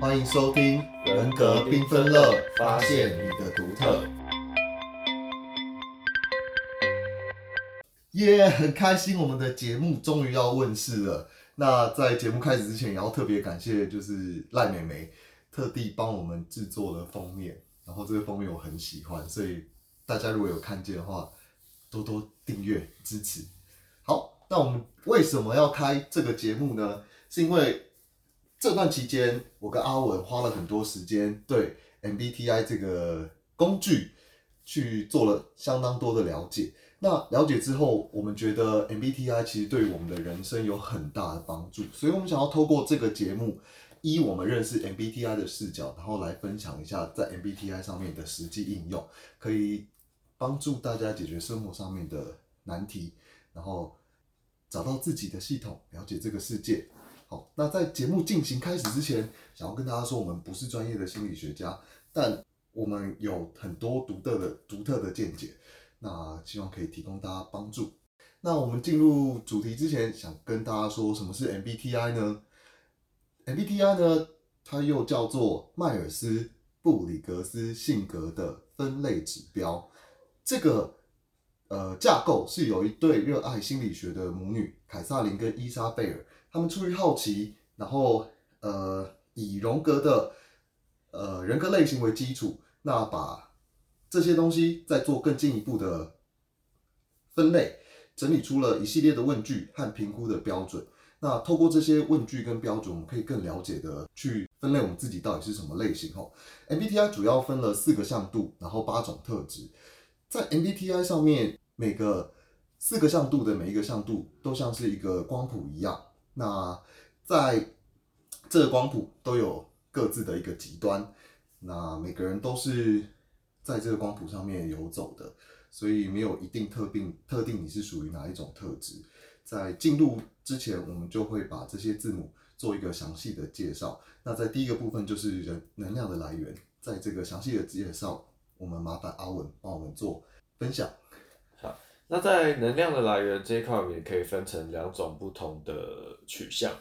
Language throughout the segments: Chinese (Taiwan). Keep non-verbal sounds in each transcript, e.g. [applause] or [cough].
歡迎收聽《人格繽紛樂》，發現你的獨特。耶，yeah, 很開心，我們的節目終於要問世了。那在節目開始之前，也要特別感謝就是賴妹妹特地幫我們製作了封面，然後這個封面我很喜歡，所以大家如果有看見的話，多多訂閱支持。好，那我們為什麼要開這個節目呢？是因為。這段期間，我跟阿文花了很多時間對 MBTI 這個工具去做了相當多的了解。那了解之後，我們覺得 MBTI 其實對於我們的人生有很大的幫助，所以我們想要透過這個節目，以我們認識 MBTI 的視角，然後來分享一下在 MBTI 上面的實際應用，可以幫助大家解決生活上面的難題，然後找到自己的系統，了解這個世界。好，那在節目進行開始之前，想要跟大家說，我們不是專業的心理學家，但我們有很多獨特的、獨特的見解。那希望可以提供大家幫助。那我們進入主題之前，想跟大家說，什麼是 MBTI 呢？MBTI 呢，它又叫做邁爾斯布里格斯性格的分類指標。這個呃架構是由一對熱愛心理學的母女，凱薩琳跟伊莎貝爾。他們出於好奇，然後呃以榮格的呃人格類型為基礎，那把這些東西再做更進一步的分類，整理出了一系列的問句和評估的標準。那透過這些問句跟標準，我們可以更了解的去分類我們自己到底是什麼類型。吼，MBTI 主要分了四個向度，然後八種特質。在 MBTI 上面，每個四個向度的每一個向度都像是一個光譜一樣。那在這個光譜都有各自的一個極端，那每個人都是在這個光譜上面游走的，所以沒有一定特定特定你是屬於哪一種特質。在進入之前，我們就會把這些字母做一個詳細的介紹。那在第一個部分就是人能量的來源，在這個詳細的介紹，我們麻煩阿文幫我們做分享。那在能量的來源這一塊，也可以分成兩種不同的取向。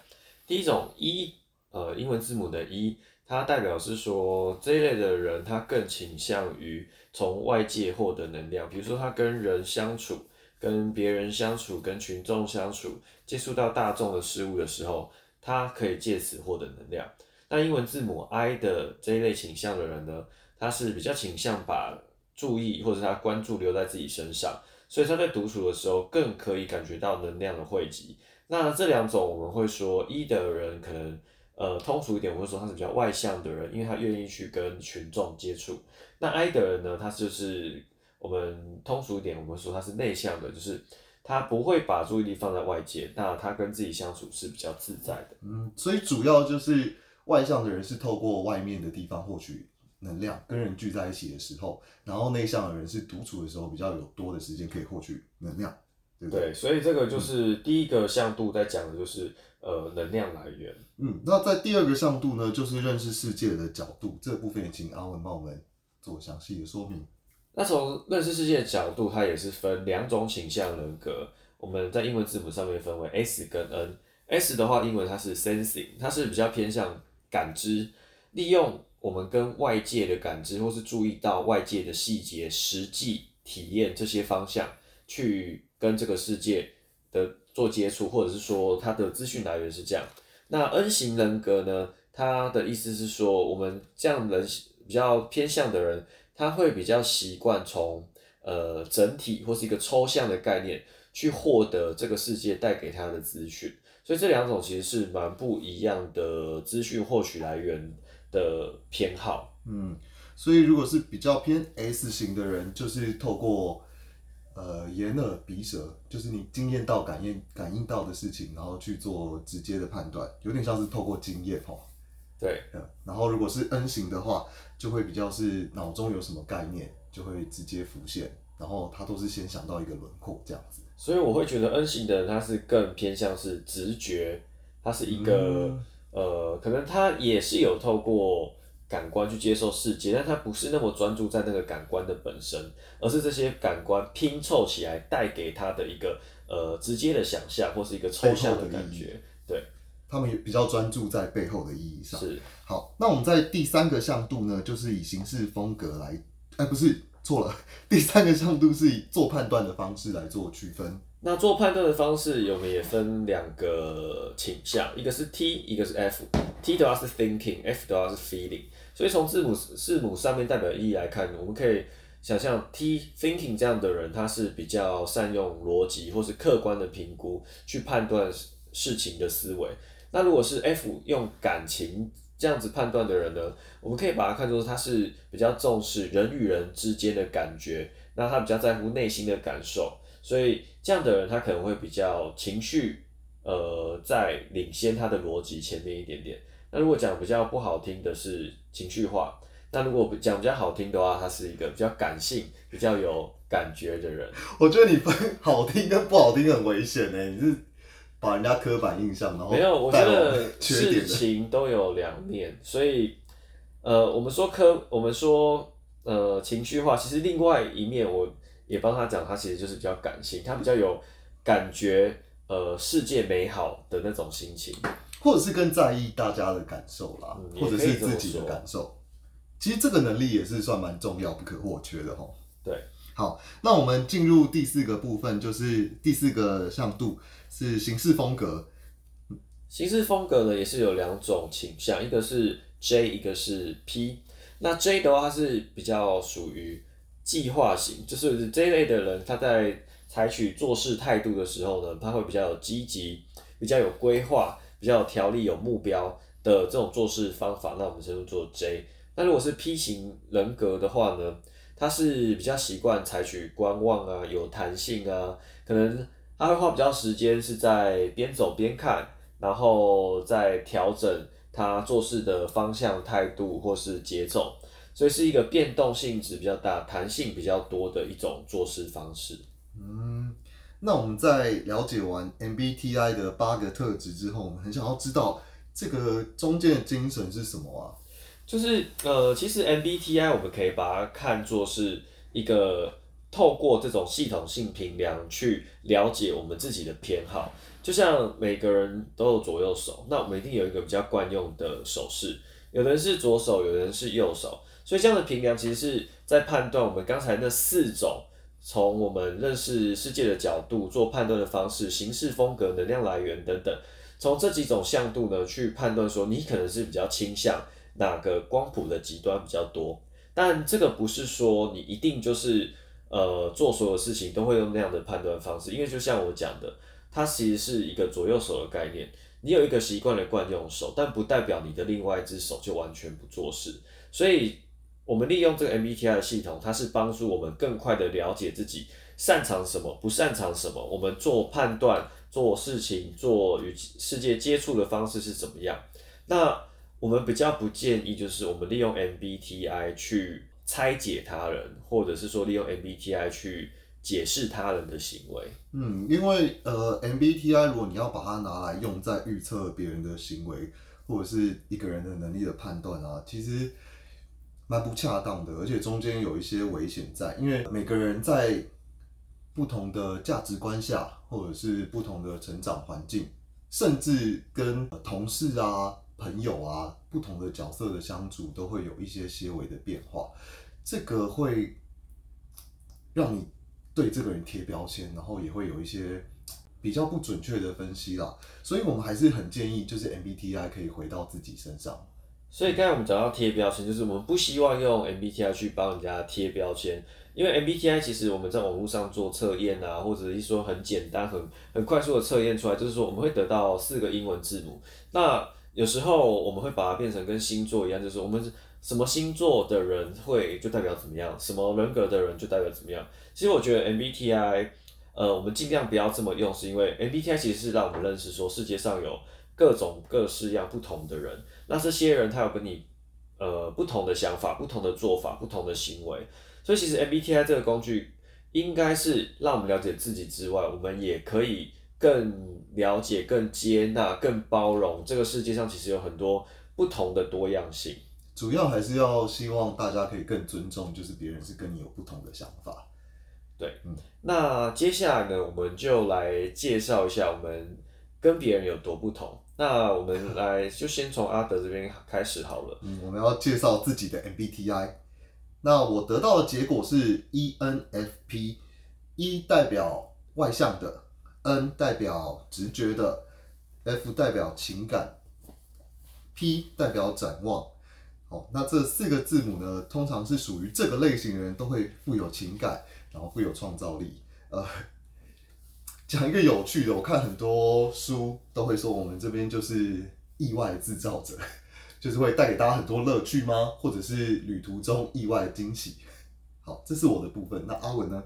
第一種，E，呃英文字母的 E，它代表是說，這一類的人，他更傾向於從外界獲得能量。比如說，他跟人相處、跟別人相處、跟群眾相處，接觸到大眾的事物的時候，他可以借此獲得能量。那英文字母 I 的這一類傾向的人呢，他是比較傾向把注意或者他關注留在自己身上。所以他在獨處的時候更可以感覺到能量的匯集。那這兩種，我們會說，E 的人可能呃通俗一點，我們說他是比較外向的人，因為他願意去跟群眾接觸。那 I 的人呢，他就是我們通俗一點，我們說他是內向的，就是他不會把注意力放在外界，那他跟自己相處是比較自在的。嗯，所以主要就是外向的人是透過外面的地方獲取。能量跟人聚在一起的時候，然後內向的人是獨處的時候比較有多的時間可以獲取能量，對不對？對，所以這個就是第一個向度在講的就是、嗯、呃能量來源。嗯，那在第二個向度呢，就是認識世界的角度這個部分，也請阿文幫我們做詳細的說明。那從認識世界的角度，它也是分兩種傾向人格，我們在英文字母上面分為 S 跟 N。S 的話，英文它是 Sensing，它是比較偏向感知、利用。我們跟外界的感知，或是注意到外界的細節、實際體驗這些方向，去跟這個世界的做接觸，或者是說他的資訊來源是這樣。那 N 型人格呢？他的意思是說，我們這樣的人，比較偏向的人，他會比較習慣從呃整體或是一個抽象的概念去獲得這個世界帶給他的資訊。所以這兩種其實是蠻不一樣的資訊獲取來源。的偏好，嗯，所以如果是比較偏 S 型的人，就是透過呃眼耳鼻舌，就是你經驗到感、感應感應到的事情，然後去做直接的判斷，有點像是透過經驗齁。對、嗯，然後如果是 N 型的話，就會比較是腦中有什麼概念就會直接浮現，然後他都是先想到一個輪廓這樣子。所以我會覺得 N 型的人他是更偏向是直覺，他是一個、嗯。呃，可能他也是有透過感官去接受世界，但他不是那麼專注在那個感官的本身，而是這些感官拼湊起來帶給他的一個呃直接的想象或是一個抽象的感覺。對，他們也比較專注在背後的意義上。是。好，那我們在第三個向度呢，就是以形式風格來，哎，不是錯了，第三個向度是以做判斷的方式來做區分。那做判斷的方式，我們也分兩個傾向，一個是 T，一個是 F。T 的話是 thinking，F 的話是 feeling。所以從字母字母上面代表意義來看，我們可以想象 T thinking 這樣的人，他是比較善用邏輯或是客觀的評估去判斷事情的思維。那如果是 F 用感情這樣子判斷的人呢，我們可以把它看作他是比較重視人與人之間的感覺，那他比較在乎內心的感受。所以這樣的人，他可能會比較情緒，呃，在領先他的邏輯前面一點點。那如果講比較不好聽的是情緒化，那如果講比較好聽的話，他是一個比較感性、比較有感覺的人。 [laughs] 我覺得你分好聽跟不好聽很危險呢、欸，你是把人家刻板印象，然後帶往那個缺點了。沒有？我覺得事情都有兩面，所以呃，我們說科，我們說呃情緒化，其實另外一面我。也幫他講，他其實就是比較感性，他比較有感覺，呃，世界美好的那種心情，或者是更在意大家的感受啦，嗯、或者是自己的感受。其實這個能力也是算蠻重要、不可或缺的哈。對，好，那我們進入第四個部分，就是第四個向度是形式風格。形式風格呢，也是有兩種傾向，一個是 J，一個是 P。那 J 的話，它是比較屬於。計劃型就是這一類的人，他在採取做事態度的時候呢，他會比較有積極、比較有規劃、比較有條理、有目標的這種做事方法。那我們稱作 J。那如果是 P 型人格的話呢，他是比較習慣採取觀望啊、有彈性啊，可能他會花比較時間是在邊走邊看，然後再調整他做事的方向、態度或是節奏。所以是一個變動性質比較大，彈性比較多的一種做事方式。嗯，那我們在了解完 MBTI 的八個特質之後，我們很想要知道這個中間的精神是什麼啊，就是呃，其實 MBTI 我們可以把它看作是一個透過這種系統性評量去了解我們自己的偏好，就像每個人都有左右手，那我們一定有一個比較慣用的手勢，有的人是左手，有的人是右手。所以這樣的評量其實是在判斷我們剛才那四種從我們認識世界的角度做判斷的方式、形式、風格、能量來源等等，從這幾種向度呢，去判斷說你可能是比較傾向哪個光譜的極端比較多。但這個不是說你一定就是呃做所有事情都會用那樣的判斷方式，因為就像我講的，它其實是一個左右手的概念。你有一個習慣的慣用手，但不代表你的另外一隻手就完全不做事。所以。我們利用這個 MBTI 的系統，它是幫助我們更快的了解自己擅長什麼、不擅長什麼。我們做判斷、做事情、做與世界接觸的方式是怎麼樣。那我們比較不建議，就是我們利用 MBTI 去拆解他人，或者是說利用 MBTI 去解釋他人的行為。嗯，因為呃，MBTI 如果你要把它拿來用在預測別人的行為，或者是一個人的能力的判斷啊，其實。蠻不恰當的，而且中間有一些危險在，因為每個人在不同的價值觀下，或者是不同的成長環境，甚至跟同事啊、朋友啊、不同的角色的相處，都會有一些些微的變化，這個會讓你對這個人貼標籤，然後也會有一些比較不準確的分析啦，所以我們還是很建議，就是 MBTI 可以回到自己身上。所以剛才我們講到貼標籤，就是我們不希望用 MBTI 去幫人家貼標籤，因為 MBTI 其實我們在網絡上做測驗啊，或者是說很簡單、很很快速的測驗出來，就是說我們會得到四個英文字母。那有時候我們會把它變成跟星座一樣，就是我們什麼星座的人會就代表怎麼樣，什麼人格的人就代表怎麼樣。其實我覺得 MBTI，呃，我們盡量不要這麼用，是因為 MBTI 其實是讓我們認識說世界上有各種各式樣不同的人。那這些人他有跟你，呃，不同的想法、不同的做法、不同的行為，所以其實 MBTI 這個工具應該是讓我們了解自己之外，我們也可以更了解、更接納、更包容，這個世界上其實有很多不同的多樣性。主要還是要希望大家可以更尊重，就是別人是跟你有不同的想法。對，嗯，那接下來呢，我們就來介紹一下我們跟別人有多不同。那我們來就先從阿德這邊開始好了。嗯，我們要介紹自己的 MBTI。那我得到的結果是 ENFP。E 代表外向的，N 代表直覺的，F 代表情感，P 代表展望。好，那這四個字母呢，通常是屬於這個類型的人都會富有情感，然後富有創造力。呃。講一個有趣的，我看很多書都會說，我們這邊就是意外製造者，就是會帶給大家很多樂趣嗎？或者是旅途中意外的驚喜。好，這是我的部分。那阿文呢？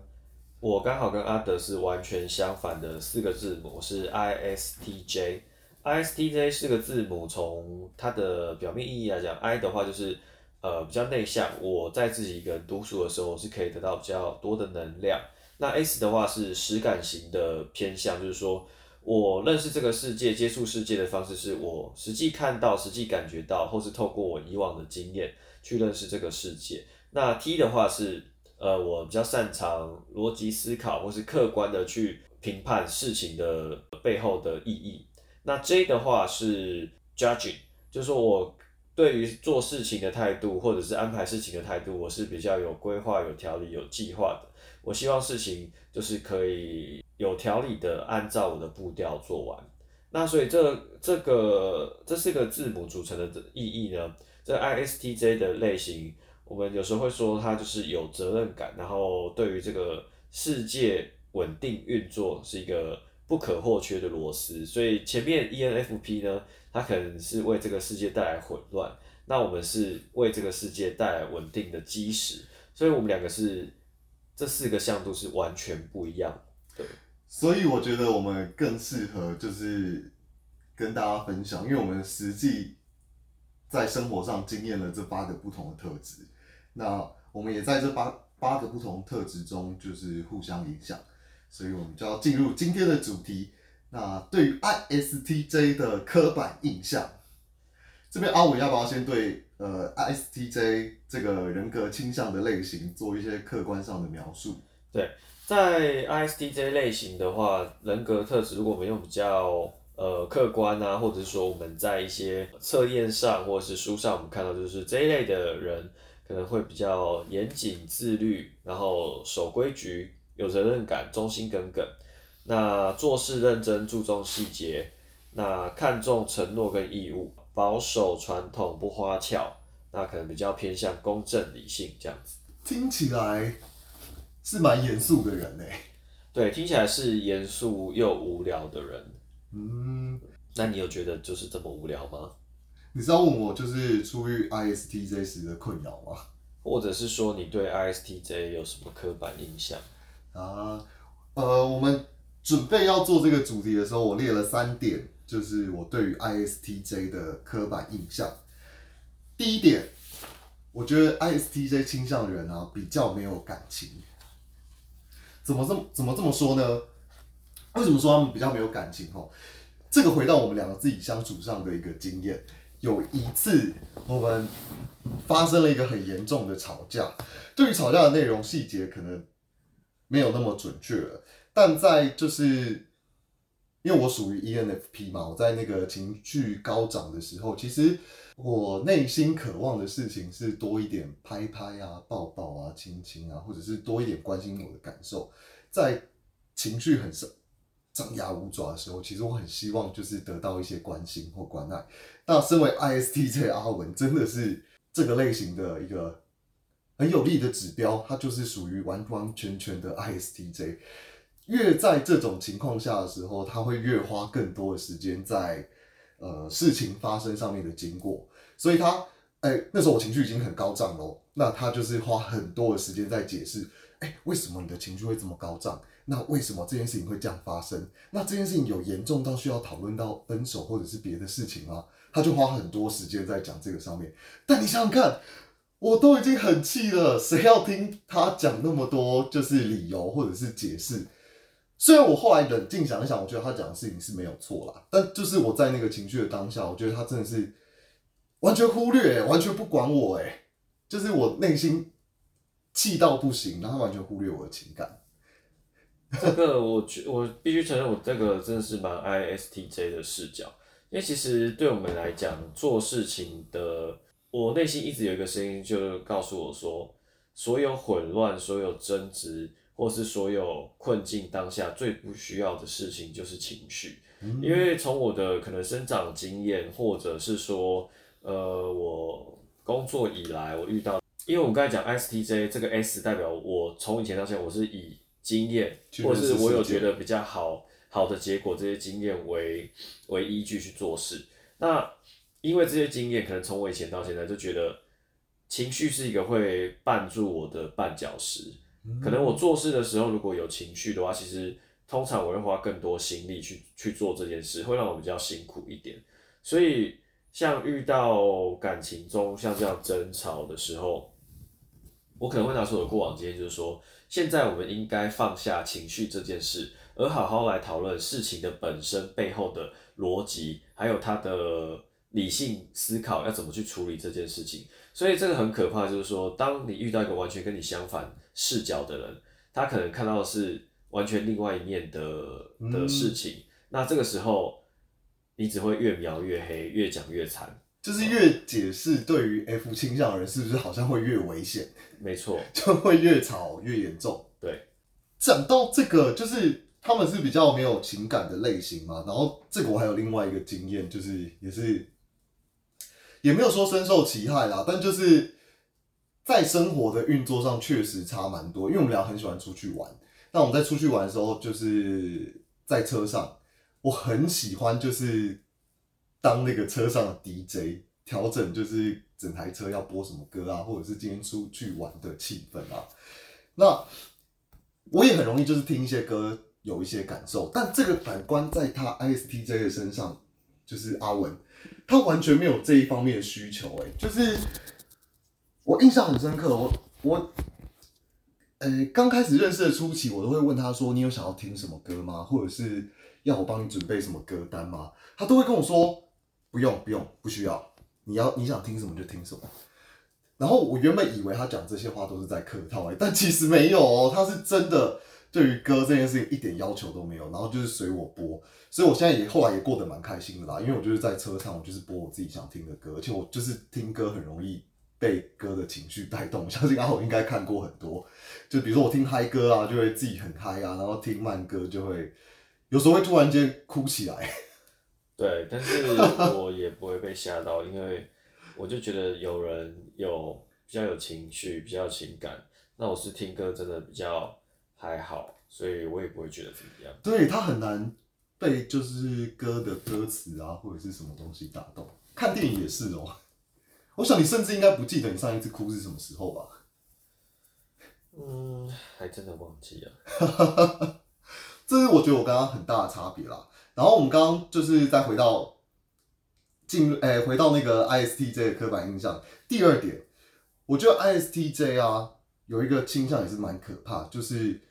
我剛好跟阿德是完全相反的四個字母，是 ISTJ。ISTJ 四個字母從它的表面意義來講，I 的話就是呃比較內向。我在自己一個人讀書的時候，我是可以得到比較多的能量。S 那 S 的話是實感型的偏向，就是說我認識這個世界、接觸世界的方式，是我實際看到、實際感覺到，或是透過我以往的經驗去認識這個世界。那 T 的話是，呃，我比較擅長邏輯思考，或是客觀的去評判事情的背後的意義。那 J 的話是 Judging，就是說我。對於做事情的態度，或者是安排事情的態度，我是比較有規劃、有條理、有計劃的。我希望事情就是可以有條理的，按照我的步調做完。那所以這這個這四個字母組成的意義呢？這 ISTJ 的類型，我們有時候會說它就是有責任感，然後對於這個世界穩定運作是一個。不可或缺的螺絲，所以前面 ENFP 呢，它可能是為這個世界帶來混亂，那我們是為這個世界帶來穩定的基石，所以我們兩個是這四個向度是完全不一樣。對，所以我覺得我們更適合就是跟大家分享，因為我們實際在生活上經驗了這八個不同的特質，那我們也在這八八個不同的特質中就是互相影響。所以我們就要進入今天的主題。那對於 ISTJ 的刻板印象，這邊阿五要不要先對呃 ISTJ 這個人格傾向的類型做一些客觀上的描述？對，在 ISTJ 類型的話，人格特質，如果我們用比較呃客觀啊，或者是說我們在一些測驗上或者是書上我們看到，就是這一類的人可能會比較嚴謹、自律，然後守規矩。有責任感、忠心耿耿，那做事認真、注重細節，那看重承諾跟義務，保守傳統、不花俏，那可能比較偏向公正理性這樣子。聽起來是蠻嚴肅的人呢。對，聽起來是嚴肅又無聊的人。嗯，那你有覺得就是這麼無聊嗎？你知道問我就是出於 ISTJ 時的困擾嗎？或者是說你對 ISTJ 有什麼刻板印象？啊，uh, 呃，我們準備要做這個主題的時候，我列了三點，就是我對於 ISTJ 的刻板印象。第一點，我覺得 ISTJ 傾向的人啊，比較沒有感情。怎麼這麼怎麼這麼說呢？為什麼說他們比較沒有感情？齁，這個回到我們兩個自己相處上的一個經驗。有一次，我們發生了一個很嚴重的吵架。對於吵架的內容細節，可能。沒有那麼準確了，但在就是因為我屬於 ENFP 嘛，我在那個情緒高漲的時候，其實我內心渴望的事情是多一點拍拍啊、抱抱啊、親親啊，或者是多一點關心我的感受。在情緒很是張牙舞爪的時候，其實我很希望就是得到一些關心或關愛。那身為 ISTJ 阿文真的是這個類型的一個很有力的指標，他就是屬於完完全全的 ISTJ。越在這種情況下的時候，他會越花更多的時間在，呃，事情發生上面的經過。所以他，哎、欸，那時候我情緒已經很高漲嘍，那他就是花很多的時間在解釋，哎、欸，為什麼你的情緒會這麼高漲？那為什麼這件事情會這樣發生？那這件事情有嚴重到需要討論到分手或者是別的事情嗎？他就花很多時間在講這個上面。但你想想看，我都已經很氣了，誰要聽他講那麼多就是理由或者是解釋？雖然我後來冷靜想一想，我覺得他講的事情是沒有錯啦，但就是我在那個情緒的當下，我覺得他真的是完全忽略，完全不管我，哎，就是我內心氣到不行，然後完全忽略我的情感。這個我，我必須承認，我這個真的是蠻 ISTJ 的視角，因為其實對我們來講，做事情的。我內心一直有一個聲音，就告訴我說，所有混亂、所有爭執，或是所有困境當下最不需要的事情，就是情緒。嗯。因為從我的可能生長經驗，或者是說，呃，我工作以來，我遇到，因為我們剛才講 STJ，這個 S 代表我從以前到現在，我是以經驗，或者是我有覺得比較好好的結果這些經驗為為依據去做事。那因為這些經驗，可能從我以前到現在就覺得，情緒是一個會絆住我的絆腳石。可能我做事的時候，如果有情緒的話，其實通常我會花更多心力去去做這件事，會讓我比較辛苦一點。所以，像遇到感情中像這樣爭吵的時候，我可能會拿出我的過往經驗，就是說，現在我們應該放下情緒這件事，而好好來討論事情的本身背後的邏輯，還有它的。理性思考要怎麼去處理這件事情，所以這個很可怕，就是說，當你遇到一個完全跟你相反視角的人，他可能看到的是完全另外一面的的事情，嗯、那這個時候你只會越描越黑，越講越慘，就是越解釋對於 F 傾向的人是不是好像會越危險？嗯？沒錯，就會越吵越嚴重。對，講到這個就是他們是比較沒有情感的類型嘛，然後這個我還有另外一個經驗，就是也是。也沒有說深受其害啦，但就是在生活的運作上確實差蠻多。因為我們倆很喜歡出去玩，那我們在出去玩的時候，就是在車上，我很喜歡就是當那個車上的 DJ，調整就是整台車要播什麼歌啊，或者是今天出去玩的氣氛啊。那我也很容易就是聽一些歌，有一些感受。但這個反觀在他 ISTJ 的身上，就是阿文。他完全沒有這一方面的需求、欸，誒，就是我印象很深刻，我我，誒、欸、剛開始認識的初期，我都會問他說：“你有想要聽什麼歌嗎？或者是要我幫你準備什麼歌單嗎？”他都會跟我說：“不用，不用，不需要，你要你想聽什麼就聽什麼。”然後我原本以為他講這些話都是在客套、欸，誒，但其實沒有哦，他是真的。對於歌這件事情一點要求都沒有，然後就是隨我播，所以我現在也後來也過得蠻開心的啦。因為我就是在車上，我就是播我自己想聽的歌，而且我就是聽歌很容易被歌的情緒帶動。我相信阿豪應該看過很多，就比如說我聽嗨歌啊，就會自己很嗨啊，然後聽慢歌就會，有時候會突然間哭起來。對，但是我也不會被嚇到， [laughs] 因為我就覺得有人有比較有情緒、比較有情感，那我是聽歌真的比較。還好，所以我也不會覺得怎麼樣。對，他很難被就是歌的歌詞啊，或者是什麼東西打動。看電影也是哦。我想你甚至應該不記得你上一次哭是什麼時候吧？嗯，還真的忘記了。 [laughs] 這是我覺得我剛剛很大的差別啦。然後我們剛剛就是再回到進，哎，回到那個 ISTJ 的刻板印象。第二點，我覺得 ISTJ 啊，有一個傾向也是蠻可怕，就是。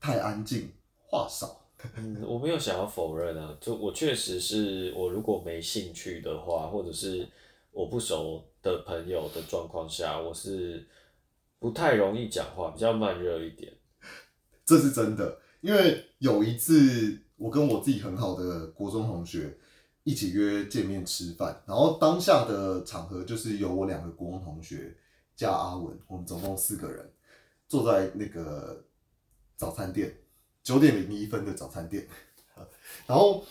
太安靜，話少、 [laughs] 嗯。我沒有想要否認啊，就我確實是，我如果沒興趣的話，或者是我不熟的朋友的狀況下，我是不太容易講話，比較慢熱一點，這是真的。因為有一次我跟我自己很好的國中同學一起約見面吃飯，然後當下的場合就是有我兩個國中同學加阿文，我們總共四個人坐在那個。早餐店，九點零一分的早餐店。然後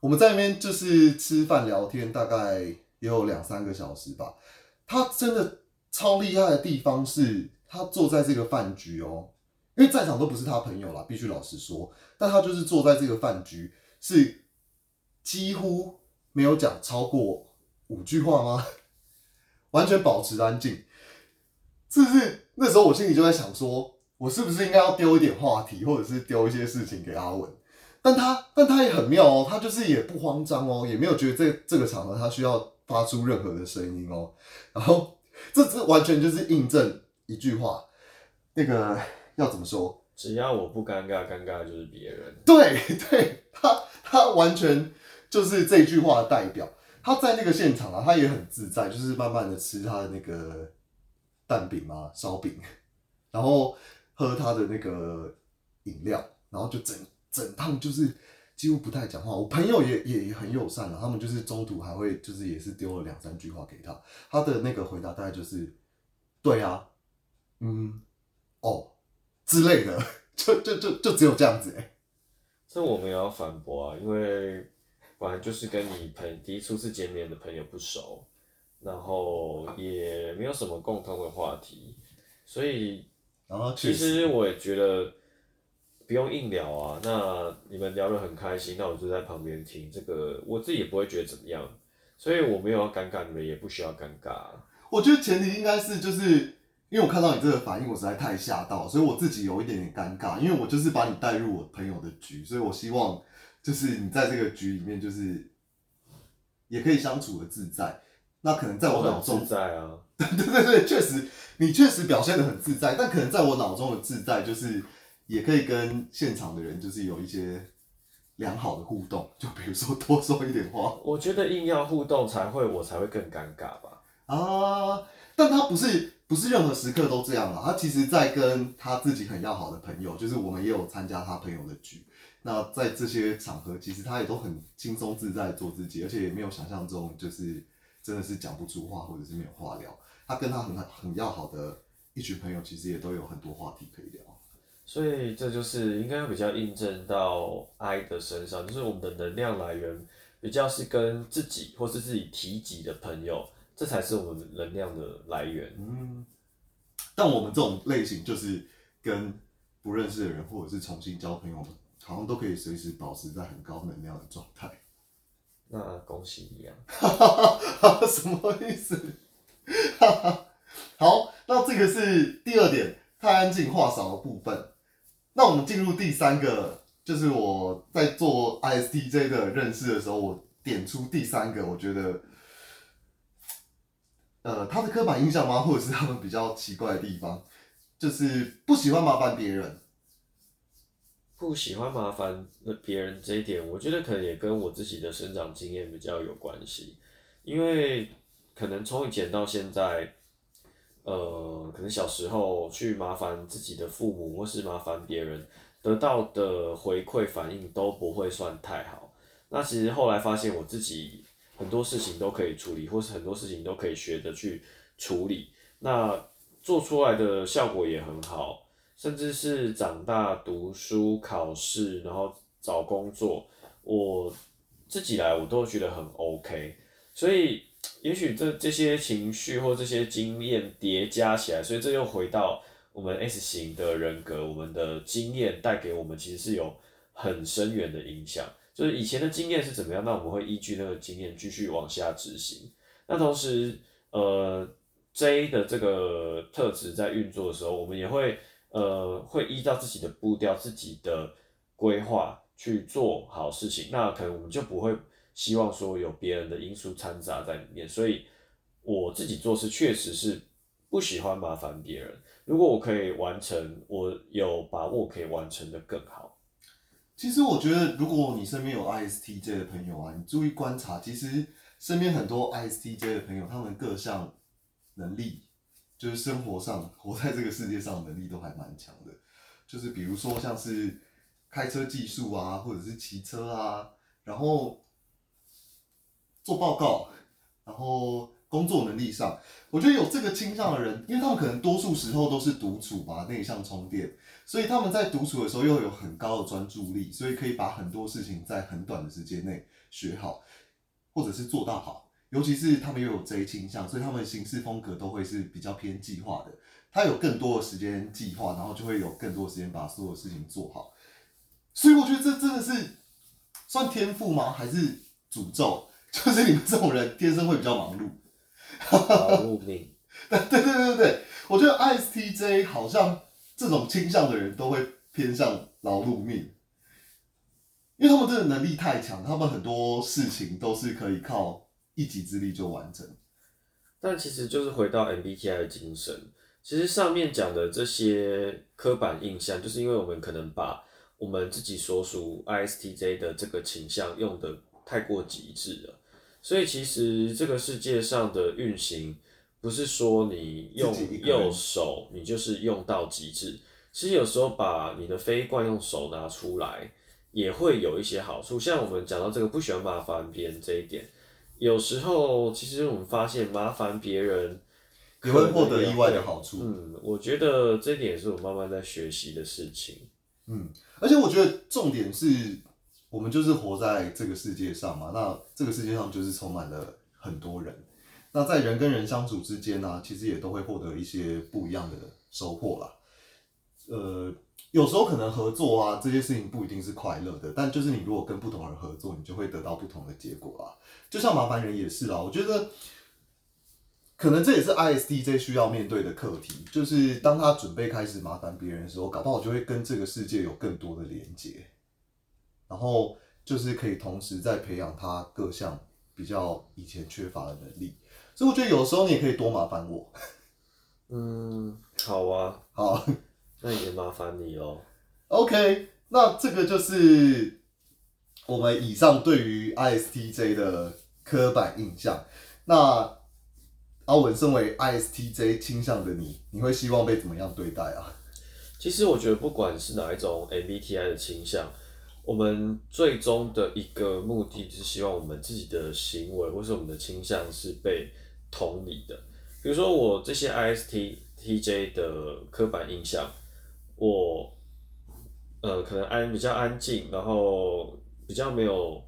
我們在那邊就是吃飯聊天，大概也有兩三個小時吧。他真的超厲害的地方是，他坐在這個飯局哦，因為在場都不是他朋友啦，必須老實說。但他就是坐在這個飯局，是幾乎沒有講超過五句話嗎？完全保持安靜。是不是那時候我心裡就在想說，我是不是應該要丟一點話題，或者是丟一些事情給阿文？但他但他也很妙哦，他就是也不慌張哦，也沒有覺得這這個場合他需要發出任何的聲音哦。然後這是完全就是印證一句話，那個要怎麼說？只要我不尷尬，尷尬就是別人。對對，他他完全就是這一句話的代表。他在那個現場啊，他也很自在，就是慢慢的吃他的那個蛋餅啊、燒餅，然後。喝他的那個飲料，然後就整整趟就是幾乎不太講話。我朋友也也很友善了，他們就是中途還會就是也是丟了兩三句話給他，他的那個回答大概就是“對啊，嗯，哦”之類的，就就就就只有這樣子所、欸、這我沒有要反駁啊，因為反正就是跟你朋第一初次見面的朋友不熟，然後也沒有什麼共同的話題，所以。然後其實，其實我也覺得不用硬聊啊，那你們聊得很開心，那我就在旁邊聽。這個我自己也不會覺得怎麼樣，所以我沒有要尷尬，你們也不需要尷尬啊。我覺得前提應該是就是因為我看到你這個反應，我實在太嚇到，所以我自己有一點點尷尬，因為我就是把你帶入我朋友的局，所以我希望就是你在這個局裡面就是也可以相處的自在。那可能在我眼中自在啊。 [laughs] 對，對對對，確實，你確實表現得很自在，但可能在我腦中的自在，就是也可以跟現場的人就是有一些良好的互動，就比如說多說一點話。我覺得硬要互動才會，我才會更尷尬吧。啊，但他不是不是任何時刻都這樣啊。他其實在跟他自己很要好的朋友，就是我們也有參加他朋友的局，那在這些場合，其實他也都很輕鬆自在做自己，而且也沒有想象中就是真的是講不出話或者是沒有話聊。他跟他很很要好的一群朋友，其實也都有很多話題可以聊，所以這就是應該比較印證到 I 的身上，就是我們的能量來源比較是跟自己或是自己提及的朋友，這才是我們能量的來源。嗯，但我們這種類型就是跟不認識的人或者是重新交朋友，好像都可以隨時保持在很高能量的狀態。那恭喜你啊！ [laughs] 什麼意思？ [laughs] 好，那這個是第二點，太安靜話少的部分。那我們進入第三個，就是我在做 ISTJ 的認識的時候，我點出第三個，我覺得，呃，他的刻板印象嗎，或者是他們比較奇怪的地方，就是不喜歡麻煩別人。不喜歡麻煩別人這一點，我覺得可能也跟我自己的生長經驗比較有關係，因為。可能從以前到現在，呃，可能小時候去麻煩自己的父母或是麻煩別人，得到的回饋反應都不會算太好。那其實後來發現我自己很多事情都可以處理，或是很多事情都可以學着去處理。那做出來的效果也很好，甚至是長大讀書、考試，然後找工作，我自己來我都覺得很 OK。所以。也許這這些情緒或這些經驗疊加起來，所以這又回到我們 S 型的人格，我們的經驗帶給我們其實是有很深遠的影響。就是以前的經驗是怎麼樣，那我們會依據那個經驗繼續往下執行。那同時，呃，J 的這個特質在運作的時候，我們也會呃會依照自己的步調、自己的規劃去做好事情。那可能我們就不會。希望說有別人的因素摻雜在裡面，所以我自己做事確實是不喜歡麻煩別人。如果我可以完成，我有把握可以完成得更好。其實我覺得，如果你身邊有 ISTJ 的朋友啊，你注意觀察，其實身邊很多 ISTJ 的朋友，他們各項能力，就是生活上活在這個世界上能力都還蠻強的。就是比如說像是開車技術啊，或者是騎車啊，然後。做報告，然後工作能力上，我覺得有這個傾向的人，因為他們可能多數時候都是獨處吧，內向充電，所以他們在獨處的時候又有很高的專注力，所以可以把很多事情在很短的時間內學好，或者是做到好。尤其是他們又有這一傾向，所以他們行事風格都會是比較偏計劃的。他有更多的時間計劃，然後就會有更多時間把所有事情做好。所以我覺得這真的是算天賦嗎？還是詛咒？就是你們這種人天生會比較忙碌，勞碌命。對 [laughs] 對對對對，我覺得 ISTJ 好像這種傾向的人都會偏向勞碌命，因為他們真的能力太強，他們很多事情都是可以靠一己之力就完成。但其實就是回到 MBTI 的精神，其實上面講的這些刻板印象，就是因為我們可能把我們自己所屬 ISTJ 的這個傾向用的太過極致了。所以其實這個世界上的運行，不是說你用右手，你就是用到極致。其實有時候把你的非慣用手拿出來，也會有一些好處。像我們講到這個不喜歡麻煩別人這一點，有時候其實我們發現麻煩別人可能也會獲得意外的好處。嗯，我覺得這一點也是我慢慢在學習的事情。嗯，而且我覺得重點是。我們就是活在這個世界上嘛，那這個世界上就是充滿了很多人，那在人跟人相處之間呢、啊，其實也都會獲得一些不一樣的收穫啦。呃，有時候可能合作啊，這些事情不一定是快樂的，但就是你如果跟不同人合作，你就會得到不同的結果啦。就像麻煩人也是啦，我覺得，可能這也是 ISTJ 需要面對的課題，就是當他準備開始麻煩別人的時候，搞不好就會跟這個世界有更多的連接。然後就是可以同時再培養他各項比較以前缺乏的能力，所以我覺得有時候你也可以多麻煩我。嗯，好啊，好，那也麻煩你哦。OK，那這個就是我們以上對於 ISTJ 的刻板印象。那阿文，身為 ISTJ 傾向的你，你會希望被怎麼樣對待啊？其實我覺得不管是哪一種 MBTI 的傾向。我們最終的一個目的就是希望我們自己的行為或是我們的傾向是被同理的。比如說我這些 ISTJ 的刻板印象，我呃可能安比較安靜，然後比較沒有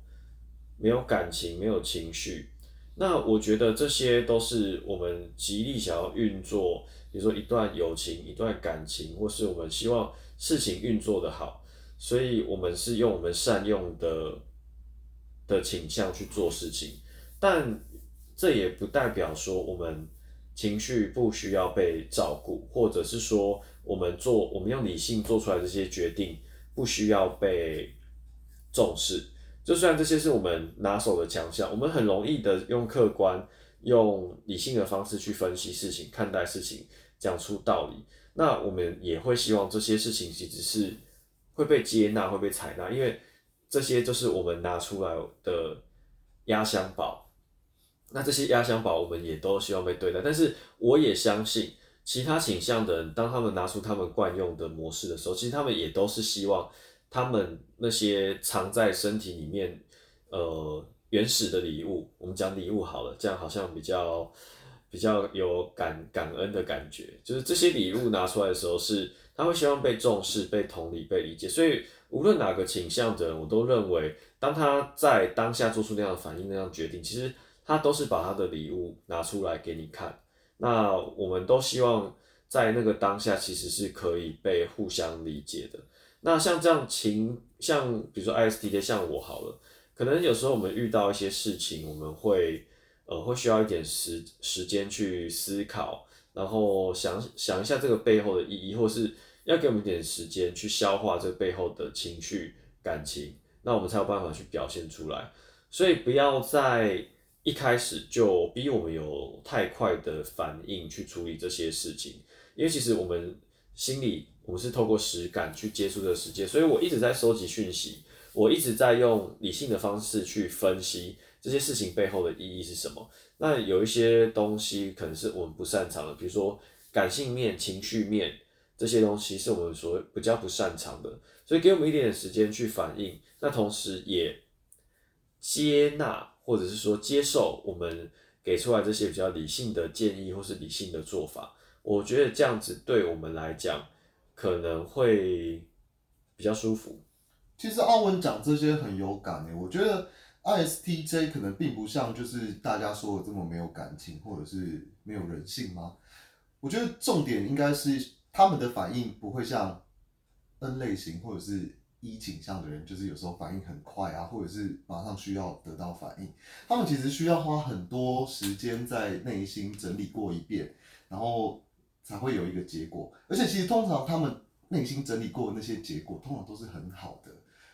沒有感情、沒有情緒。那我覺得這些都是我們極力想要運作，比如說一段友情、一段感情，或是我們希望事情運作得好。所以，我們是用我們善用的的傾向去做事情，但這也不代表說我們情緒不需要被照顧，或者是說我們做我們用理性做出來的這些決定不需要被重視。就雖然這些是我們拿手的強項，我們很容易的用客觀、用理性的方式去分析事情、看待事情、講出道理。那我們也會希望這些事情其實是。會被接納，會被採納，因為這些就是我們拿出來的壓箱寶。那這些壓箱寶，我們也都希望被對待。但是，我也相信其他傾向的人，當他們拿出他們慣用的模式的時候，其實他們也都是希望他們那些藏在身體裡面，呃，原始的禮物。我們講禮物好了，這樣好像比較比較有感感恩的感覺。就是這些禮物拿出來的時候是。他會希望被重視、被同理、被理解，所以無論哪個傾向的人，我都認為，當他在當下做出那樣的反應、那樣決定，其實他都是把他的禮物拿出來給你看。那我們都希望在那個當下，其實是可以被互相理解的。那像這樣情，像比如說 ISTJ，像我好了，可能有時候我們遇到一些事情，我們會呃，會需要一點時時間去思考，然後想想一下這個背後的意義，或是。要給我們一點時間去消化這背後的情緒、感情，那我們才有辦法去表現出來。所以，不要在一開始就逼我們有太快的反應去處理這些事情，因為其實我們心裡，我們是透過實感去接觸這個世界。所以我一直在收集訊息，我一直在用理性的方式去分析這些事情背後的意義是什麼。那有一些東西可能是我們不擅長的，比如說感性面、情緒面。這些東西是我們所比較不擅長的，所以給我們一點點時間去反應，那同時也接納或者是說接受我們給出來這些比較理性的建議或是理性的做法，我覺得這樣子對我們來講可能會比較舒服。其實奧文講這些很有感欸，我覺得 I S T J 可能並不像就是大家說的這麼沒有感情或者是沒有人性嗎？我覺得重點應該是。他們的反應不會像 N 類型或者是 E 傾向的人，就是有時候反應很快啊，或者是馬上需要得到反應。他們其實需要花很多時間在內心整理過一遍，然後才會有一個結果。而且，其實通常他們內心整理過的那些結果，通常都是很好的，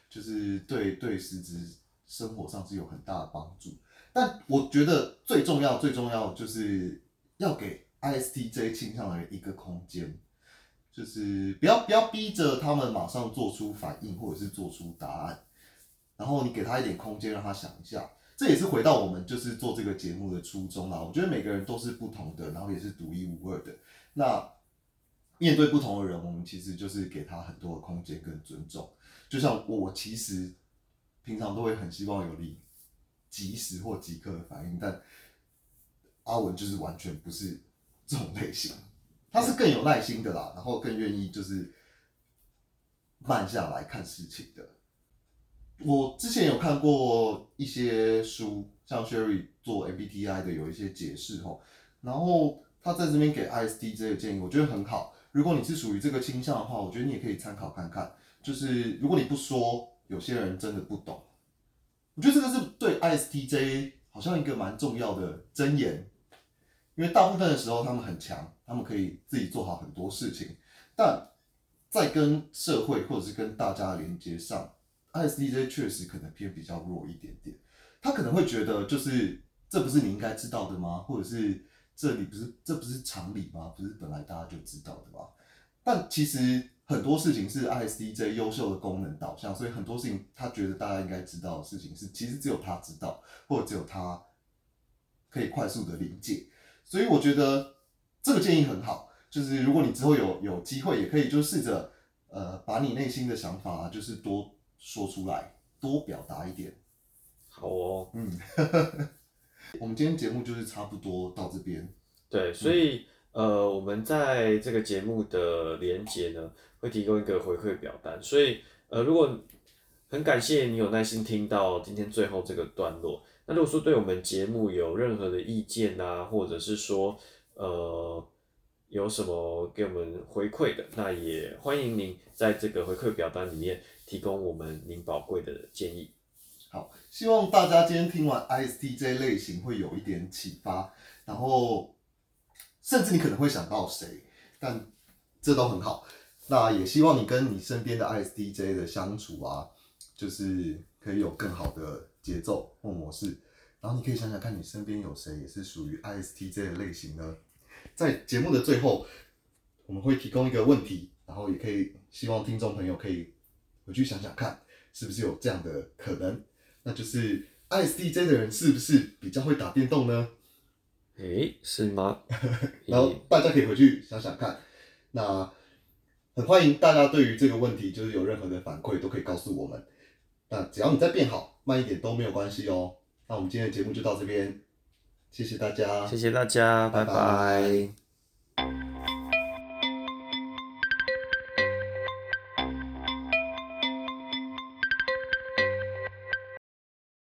就是對對實質生活上是有很大的幫助。但我覺得最重要、最重要就是要給 ISTJ 傾向的人一個空間。就是不要不要逼着他們馬上做出反應，或者是做出答案，然後你給他一點空間，讓他想一下，這也是回到我們就是做這個節目的初衷啦。我覺得每個人都是不同的，然後也是獨一無二的。那面對不同的人，我們其實就是給他很多的空間跟尊重。就像我，我其實平常都會很希望有你即時或即刻的反應，但阿文就是完全不是這種類型。他是更有耐心的啦，然後更願意就是慢下來看事情的。我之前有看過一些書，像 Sherry 做 MBTI 的有一些解釋哦，然後他在這邊給 ISTJ 的建議，我覺得很好。如果你是屬於這個傾向的話，我覺得你也可以參考看看。就是如果你不說，有些人真的不懂。我覺得這個是對 ISTJ 好像一個蠻重要的箴言，因為大部分的時候他們很強。他們可以自己做好很多事情，但在跟社會或者是跟大家的連接上，ISTJ 確實可能偏比較弱一點點。他可能會覺得，就是這不是你應該知道的嗎？或者是這裡不是這不是常理嗎？不是本來大家就知道的嗎？但其實很多事情是 ISTJ 優秀的功能導向，所以很多事情他覺得大家應該知道的事情是，其實只有他知道，或者只有他可以快速的理解。所以我覺得。這個建議很好，就是如果你之後有有機會，也可以就試着，呃，把你內心的想法，就是多說出來，多表達一點。好哦，嗯， [laughs] 我們今天節目就是差不多到這邊。對，所以、嗯、呃，我們在這個節目的連接呢，會提供一個回饋表單。所以呃，如果很感謝你有耐心聽到今天最後這個段落，那如果說對我們節目有任何的意見啊，或者是說。呃，有什麼給我們回饋的，那也歡迎您在這個回饋表單裡面提供我們您寶貴的建議。好，希望大家今天聽完 ISTJ 類型會有一點啟發，然後甚至你可能會想到誰，但這都很好。那也希望你跟你身邊的 ISTJ 的相處啊，就是可以有更好的節奏或模式。然後你可以想想看你身邊有誰也是屬於 ISTJ 類型呢？在節目的最後，我們會提供一個問題，然後也可以希望聽眾朋友可以回去想想看，是不是有這樣的可能？那就是 ISTJ 的人是不是比較會打電動呢？哎、欸，是嗎？ [laughs] 然後大家可以回去想想看。那很歡迎大家對於這個問題就是有任何的反饋都可以告訴我們。那只要你再變好，慢一點都沒有關係哦。那我們今天的節目就到這邊。謝謝大家，謝謝大家，拜拜。拜拜。